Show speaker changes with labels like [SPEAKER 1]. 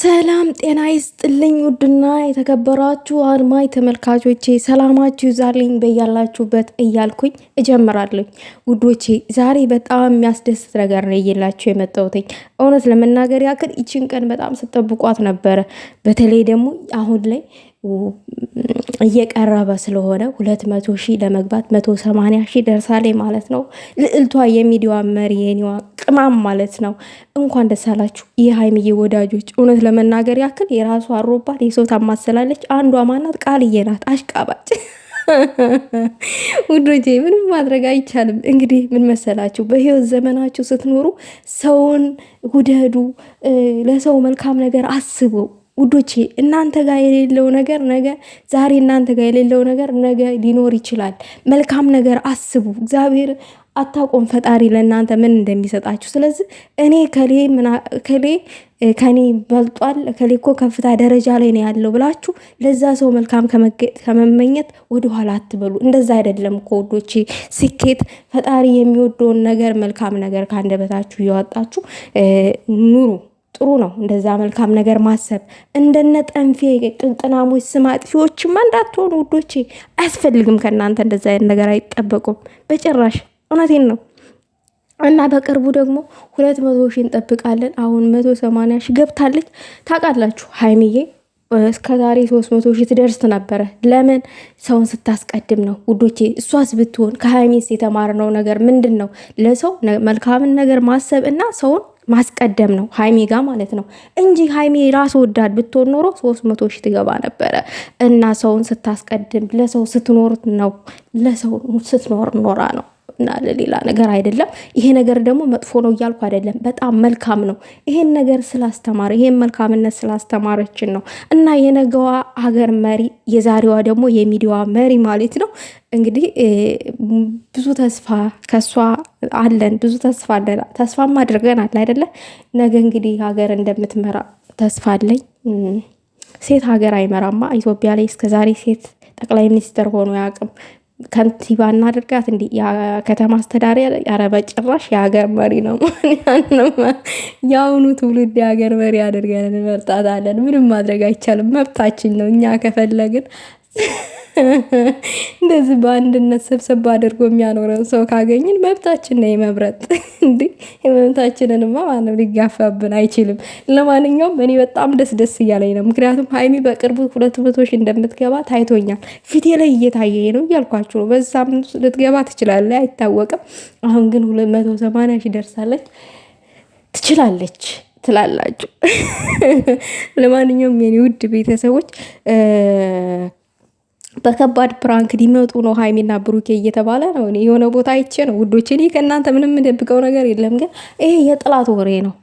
[SPEAKER 1] ሰላም ጤና ይስጥልኝ። ውድና የተከበራችሁ አድማጭ ተመልካቾቼ ሰላማችሁ ይዛልኝ በያላችሁበት እያልኩኝ እጀምራለሁ። ውዶቼ ዛሬ በጣም የሚያስደስት ነገር ነው እየላችሁ የመጣሁትኝ። እውነት ለመናገር ያክል ይችን ቀን በጣም ስጠብቋት ነበረ። በተለይ ደግሞ አሁን ላይ እየቀረበ ስለሆነ ሁለት መቶ ሺህ ለመግባት መቶ ሰማንያ ሺህ ደርሳለች ማለት ነው። ልዕልቷ የሚዲዋ መሪ የኒዋ ቅማም ማለት ነው። እንኳን ደስ አላችሁ የሀይሚዬ ወዳጆች። እውነት ለመናገር ያክል የራሷ አሮባት የሰው ታማሰላለች። አንዷ ማናት? ቃልዬ ናት፣ አሽቃባጭ ውዶቼ ምንም ማድረግ አይቻልም። እንግዲህ ምን መሰላችሁ፣ በህይወት ዘመናችሁ ስትኖሩ ሰውን ውደዱ፣ ለሰው መልካም ነገር አስቡ። ውዶቼ እናንተ ጋር የሌለው ነገር ነገ ዛሬ እናንተ ጋር የሌለው ነገር ነገ ሊኖር ይችላል። መልካም ነገር አስቡ። እግዚአብሔር አታቆም ፈጣሪ ለእናንተ ምን እንደሚሰጣችሁ። ስለዚህ እኔ ከሌ ከኔ በልጧል ከሌ እኮ ከፍታ ደረጃ ላይ ነው ያለው ብላችሁ ለዛ ሰው መልካም ከመመኘት ወደኋላ አትበሉ። እንደዛ አይደለም እኮ ውዶቼ። ስኬት ፈጣሪ የሚወደውን ነገር መልካም ነገር ከአንደበታችሁ እያወጣችሁ ኑሩ። ጥሩ ነው እንደዛ መልካም ነገር ማሰብ። እንደነ ጠንፌ ጥንጥናሞች ስም አጥፊዎችማ እንዳትሆኑ ውዶቼ። አያስፈልግም ከእናንተ እንደዛ አይነት ነገር አይጠበቁም በጭራሽ። እውነቴን ነው። እና በቅርቡ ደግሞ ሁለት መቶ ሺ እንጠብቃለን። አሁን መቶ ሰማንያ ሺ ገብታለች። ታውቃላችሁ ሀይሚዬ ዛሬ ሶስት መቶ ሺ ትደርስ ነበረ። ለምን ሰውን ስታስቀድም ነው ውዶቼ? እሷስ ብትሆን ከሀይሚስ የተማርነው ነገር ምንድን ነው? ለሰው መልካምን ነገር ማሰብ እና ሰውን ማስቀደም ነው ሀይሜ ጋር ማለት ነው እንጂ ሀይሜ ራስ ወዳድ ብትሆን ኖሮ ሶስት መቶ ሺ ትገባ ነበረ። እና ሰውን ስታስቀድም ለሰው ስትኖር ነው ለሰው ስትኖር ኖራ ነው እና ለሌላ ነገር አይደለም። ይሄ ነገር ደግሞ መጥፎ ነው እያልኩ አይደለም፣ በጣም መልካም ነው። ይሄን ነገር ስላስተማረ ይሄን መልካምነት ስላስተማረችን ነው እና የነገዋ ሀገር መሪ የዛሬዋ ደግሞ የሚዲያዋ መሪ ማለት ነው እንግዲህ ብዙ ተስፋ ከሷ አለን፣ ብዙ ተስፋ አለን። ተስፋም አድርገናል አይደለ? ነገ እንግዲህ ሀገር እንደምትመራ ተስፋ አለኝ። ሴት ሀገር አይመራማ። ኢትዮጵያ ላይ እስከዛሬ ሴት ጠቅላይ ሚኒስትር ሆኖ አያውቅም። ከንቲባ እናደርጋት እንዲ ከተማ አስተዳሪ ኧረ በጭራሽ የሀገር መሪ ነው። የአሁኑ ትውልድ የሀገር መሪ አድርገን እንመርጣታለን። ምንም ማድረግ አይቻልም፣ መብታችን ነው። እኛ ከፈለግን እንደዚህ በአንድነት ሰብሰብ አድርጎ የሚያኖረን ሰው ካገኝን መብታችን ነው የመምረጥ። እንዲህ መብታችንንማ ማንም ሊጋፋብን አይችልም። ለማንኛውም እኔ በጣም ደስ ደስ እያለኝ ነው፣ ምክንያቱም ሀይሚ በቅርቡ ሁለት መቶ ሺህ እንደምትገባ ታይቶኛል። ፊቴ ላይ እየታየኝ ነው እያልኳችሁ ነው። በዛ ልትገባ ትችላለች፣ አይታወቅም። አሁን ግን ሁለት መቶ ሰማንያ ሺህ ደርሳለች፣ ትችላለች ትላላችሁ። ለማንኛውም የኔ ውድ ቤተሰቦች በከባድ ፕራንክ ሊመጡ ነው ሀይሚና ብሩኬ እየተባለ ነው። የሆነ ቦታ አይቼ ነው ውዶችን። ከእናንተ ምንም የምደብቀው ነገር የለም፣ ግን ይሄ የጥላት ወሬ ነው።